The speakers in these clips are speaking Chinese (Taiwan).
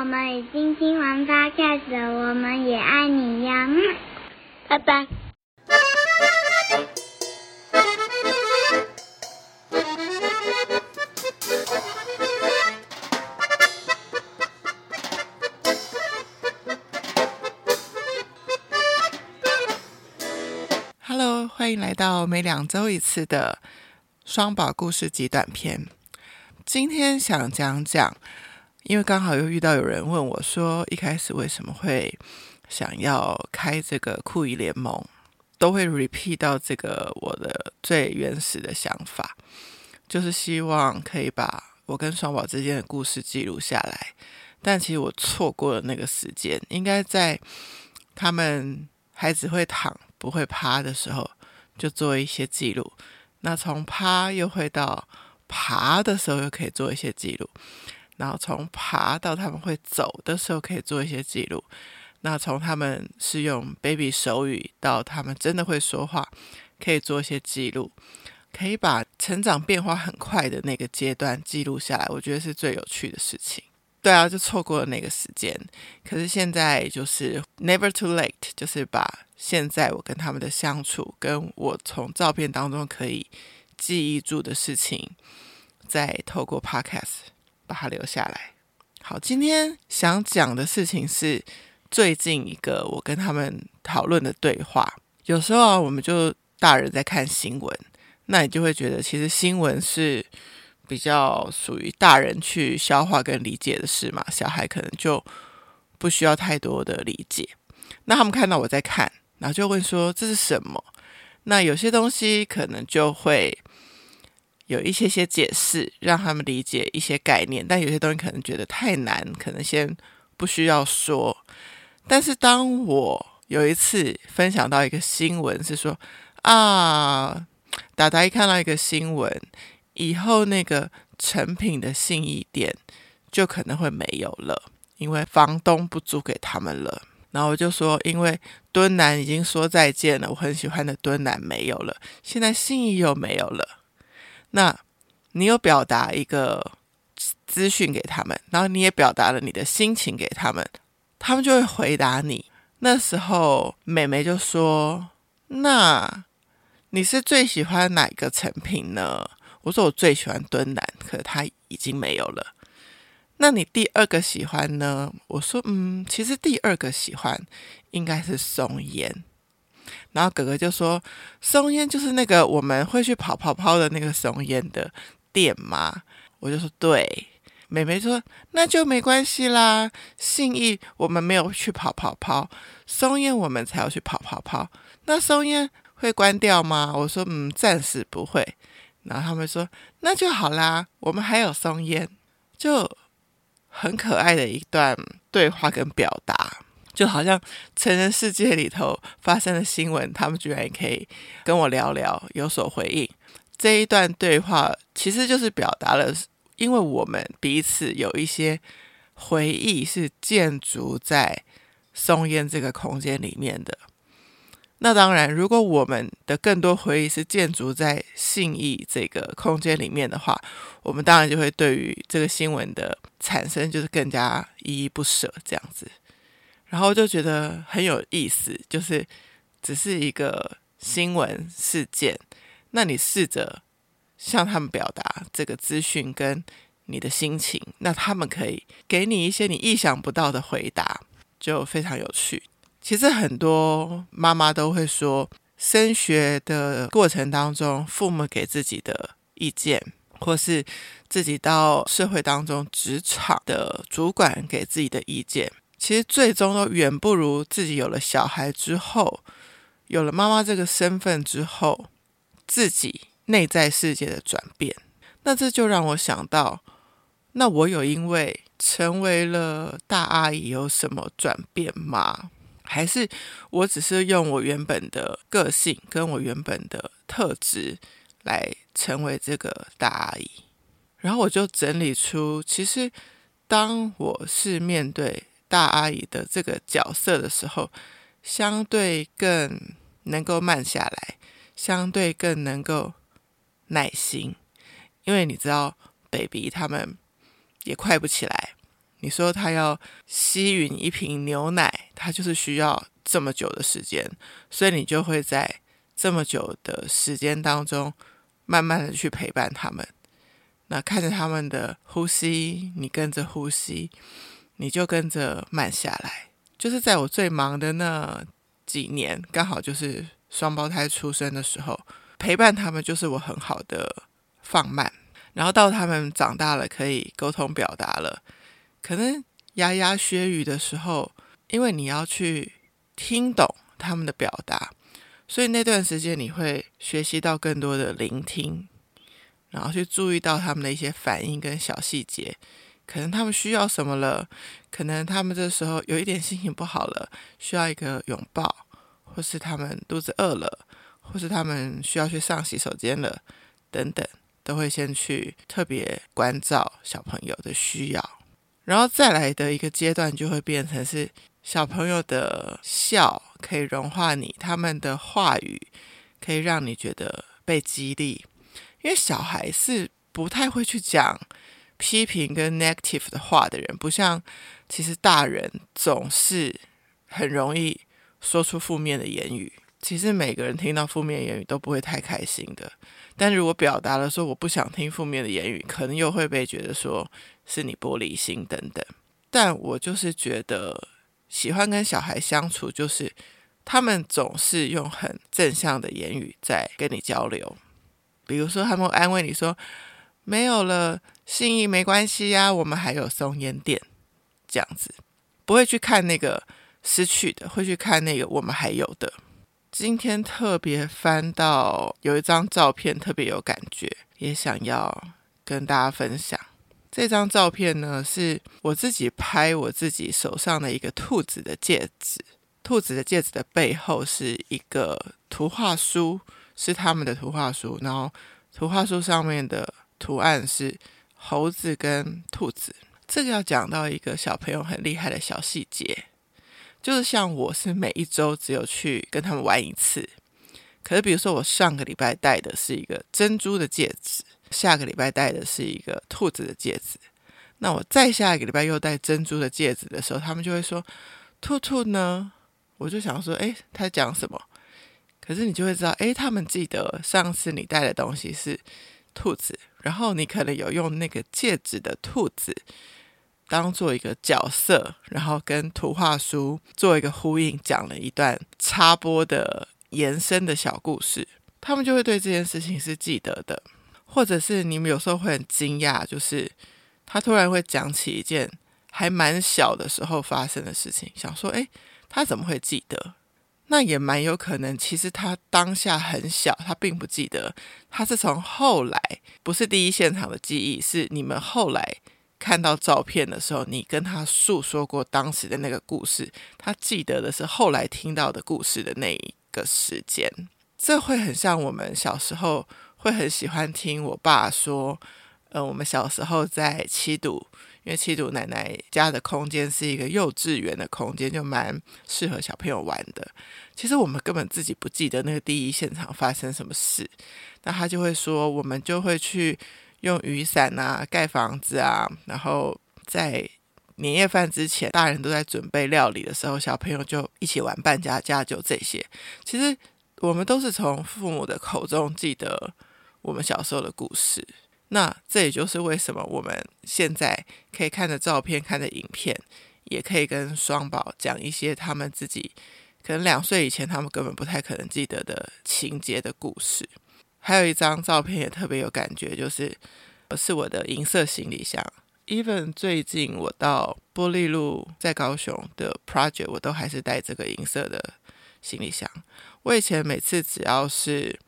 我們已經聽完 podcast 了，我們也愛你呀，拜拜。Hello，歡迎來到每兩周一次的雙寶故事極短篇。今天想講講。因為剛好又遇到有人問我說，一開始為什麼會想要開這個酷姨聯萌，都會 repeat 到這個我的最原始的想法，就是希望可以把我跟雙寶之間的故事記錄下來。但其實我錯過了那個時間，應該在他們還只會躺不會趴的時候就做一些記錄，那從趴又會到爬的時候又可以做一些記錄。然後從爬到他們會走的時候，可以做一些記錄；那從他們是用 baby 手語到他們真的會說話，可以做一些記錄，可以把成長變化很快的那個階段記錄下來。我覺得是最有趣的事情。對啊，就錯過了那個時間。可是現在就是 never too late，就是把現在我跟他們的相處，跟我從照片當中可以記憶住的事情，再透過 podcast。把它留下來。好，今天想講的事情是最近一個我跟他們討論的對話。有時候啊，我們就大人在看新聞，那你就會覺得其實新聞是比較屬於大人去消化跟理解的事嘛。小孩可能就不需要太多的理解。那他們看到我在看，然後就問說這是什麼？那有些東西可能就會。有一些些解釋，讓他們理解一些概念，但有些東西可能覺得太難，可能先不需要說。但是當我有一次分享到一個新聞，是說啊，達達一看到一個新聞，以後那個誠品的信義店就可能會沒有了，因為房東不租給他們了。然後我就說，因為敦南已經說再見了，我很喜歡的敦南沒有了，現在信義又沒有了。那，你有表達一個資訊給他們，然後你也表達了你的心情給他們，他們就會回答你。那時候美眉就說：“那你是最喜歡哪一個誠品呢？”我說：“我最喜歡敦南，可是他已經沒有了。那你第二個喜歡呢？”我說：“嗯，其實第二個喜歡應該是松菸。”然後哥哥就說：“松煙就是那個我們會去跑跑跑的那個松煙的店嗎？”我就說：“對。”妹妹說：“那就沒關係啦。信義我們沒有去跑跑跑，松煙我們才要去跑跑跑。那松煙會關掉嗎？”我說：“嗯，暫時不會。”然後他們說：“那就好啦，我們還有松煙。”就很可愛的一段對話跟表達。就好像成人世界裡頭發生的新聞，他們居然也可以跟我聊聊，有所回應。這一段對話其實就是表達了，因為我們彼此有一些回憶是建築在松煙這個空間裡面的。那當然，如果我們的更多回憶是建築在信義這個空間裡面的話，我們當然就會對於這個新聞的產生就是更加依依不捨這樣子。然後就覺得很有意思，就是只是一個新聞事件。那你試着向他們表達這個資訊跟你的心情，那他們可以給你一些你意想不到的回答，就非常有趣。其實很多媽媽都會說，升學的過程當中，父母給自己的意見，或是自己到社會當中職場的主管給自己的意見。其實最終都遠不如自己有了小孩之後，有了媽媽這個身份之後，自己內在世界的轉變。那這就讓我想到，那我有因為成為了大阿姨有什麼轉變嗎？還是我只是用我原本的個性跟我原本的特質來成為這個大阿姨？然後我就整理出，其實當我是面對。大阿姨的這個角色的時候，相對更能夠慢下來，相對更能夠耐心，因為你知道，baby 他們也快不起來。你說他要吸吮一瓶牛奶，他就是需要這麼久的時間，所以你就會在這麼久的時間當中，慢慢的去陪伴他們，那看着他們的呼吸，你跟着呼吸。你就跟着慢下來，就是在我最忙的那幾年，剛好就是雙胞胎出生的時候，陪伴他們就是我很好的放慢。然後到他們長大了可以溝通表達了，可能牙牙學語的時候，因為你要去聽懂他們的表達，所以那段時間你會學習到更多的聆聽，然後去注意到他們的一些反應跟小細節。可能他們需要什麼了，可能他們這時候有一點心情不好了，需要一個擁抱，或是他們肚子餓了，或是他們需要去上洗手間了，等等，都會先去特別關照小朋友的需要，然後再來的一個階段，就會變成是小朋友的笑可以融化你，他們的話語可以讓你覺得被激勵，因為小孩是不太會去講。批評跟 negative 的話的人，不像其實大人總是很容易說出負面的言語。其實每個人聽到負面的言語都不會太開心的。但如果表達了說我不想聽負面的言語，可能又會被覺得說是你玻璃心等等。但我就是覺得喜歡跟小孩相處，就是他們總是用很正向的言語在跟你交流，比如說他們會安慰你說，沒有了，信義沒關係呀、啊，我們還有松菸店，這樣子不會去看那個失去的，會去看那個我們還有的。今天特別翻到有一張照片，特別有感覺，也想要跟大家分享。這張照片呢，是我自己拍我自己手上的一個兔子的戒指，兔子的戒指的背後是一個圖畫書，是他們的圖畫書，然後圖畫書上面的。圖案是猴子跟兔子，這個要講到一個小朋友很厲害的小細節，就是像我是每一周只有去跟他們玩一次，可是比如說我上個禮拜戴的是一個珍珠的戒指，下個禮拜戴的是一個兔子的戒指，那我再下一個禮拜又戴珍珠的戒指的時候，他們就會說：“兔兔呢？”我就想說：“誒，他講什麼？”可是你就會知道，誒，他們記得上次你戴的東西是兔子。然後你可能有用那個戒指的兔子當做一個角色，然後跟圖畫書做一個呼應，講了一段插播的延伸的小故事，他們就會對這件事情是記得的，或者是你們有時候會很驚訝，就是他突然會講起一件還蠻小的時候發生的事情，想說，誒，他怎麼會記得？那也蠻有可能，其實他當下很小，他並不記得，他是從後來不是第一現場的記憶，是你們後來看到照片的時候，你跟他訴說過當時的那個故事，他記得的是後來聽到的故事的那一個時間，這會很像我們小時候會很喜歡聽我爸說。呃，我們小時候在七堵，因為七堵奶奶家的空間是一個幼稚園的空間，就蠻適合小朋友玩的。其實我們根本自己不記得那個第一現場發生什麼事，那他就會說，我們就會去用雨傘啊蓋房子啊，然後在年夜飯之前，大人都在準備料理的時候，小朋友就一起玩扮家家酒，就這些。其實我們都是從父母的口中記得我們小時候的故事。那這也就是為什麼我們現在可以看的照片、看的影片，也可以跟雙寶講一些他們自己可能兩歲以前他們根本不太可能記得的情節的故事。還有一張照片也特別有感覺，就是我是我的銀色行李箱。Even 最近我到玻璃路在高雄的 project，我都還是帶這個銀色的行李箱。我以前每次只要是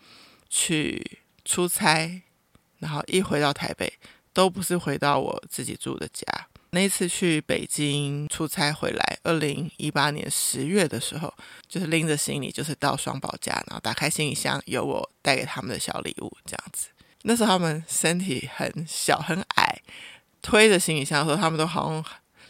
去出差。然後一回到台北，都不是回到我自己住的家。那次去北京出差回來，二零一八年十月的時候，就是拎着行李，就是到雙寶家，然後打開行李箱，有我帶給他們的小禮物，這樣子。那時候他們身體很小很矮，推着行李箱的時候，他們都好像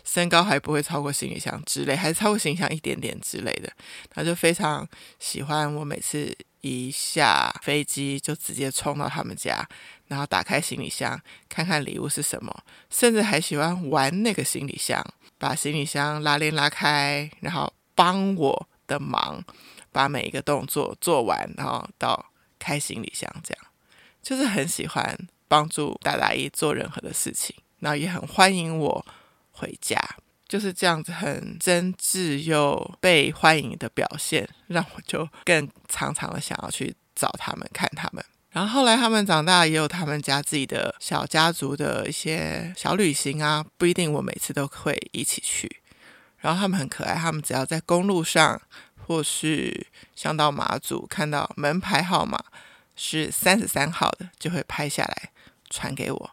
身高還不會超過行李箱之類，還是超過行李箱一點點之類的，他就非常喜歡我每次。一下飛機就直接衝到他們家，然後打開行李箱看看禮物是什麼，甚至還喜歡玩那個行李箱，把行李箱拉鏈拉開，然後幫我的忙，把每一個動作做完，然後到開行李箱這樣，就是很喜歡幫助大大姨做任何的事情，然後也很歡迎我回家。就是這樣子，很真摯又被歡迎的表現，讓我就更常常的想要去找他們看他們。然後後來他們長大，也有他們家自己的小家族的一些小旅行啊，不一定我每次都會一起去。然後他們很可愛，他們只要在公路上或是像到馬祖看到門牌號碼是三十三號的，就會拍下來傳給我，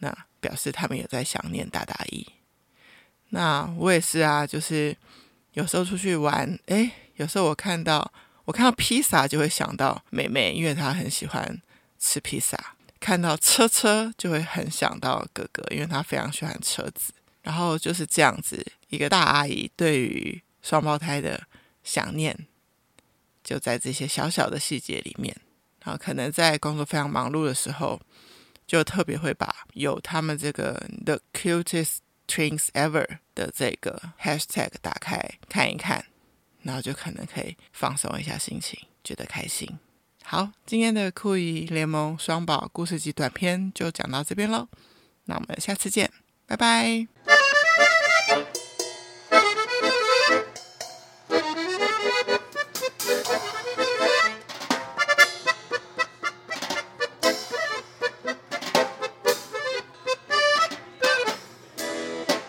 那表示他們有在想念大大一。那我也是啊，就是有時候出去玩，誒，有時候我看到我看到披薩就會想到妹妹，因為她很喜歡吃披薩；看到車車就會很想到哥哥，因為他非常喜歡車子。然後就是這樣子，一個大阿姨對於雙胞胎的想念，就在這些小小的細節裡面。然後可能在工作非常忙碌的時候，就特別會把有他們這個 the cutest。trains ever 的這個 hashtag 打開看一看，然後就可能可以放鬆一下心情，覺得開心。好，今天的酷姨聯萌雙寶故事極短篇就講到這邊嘍，那我們下次見，拜拜。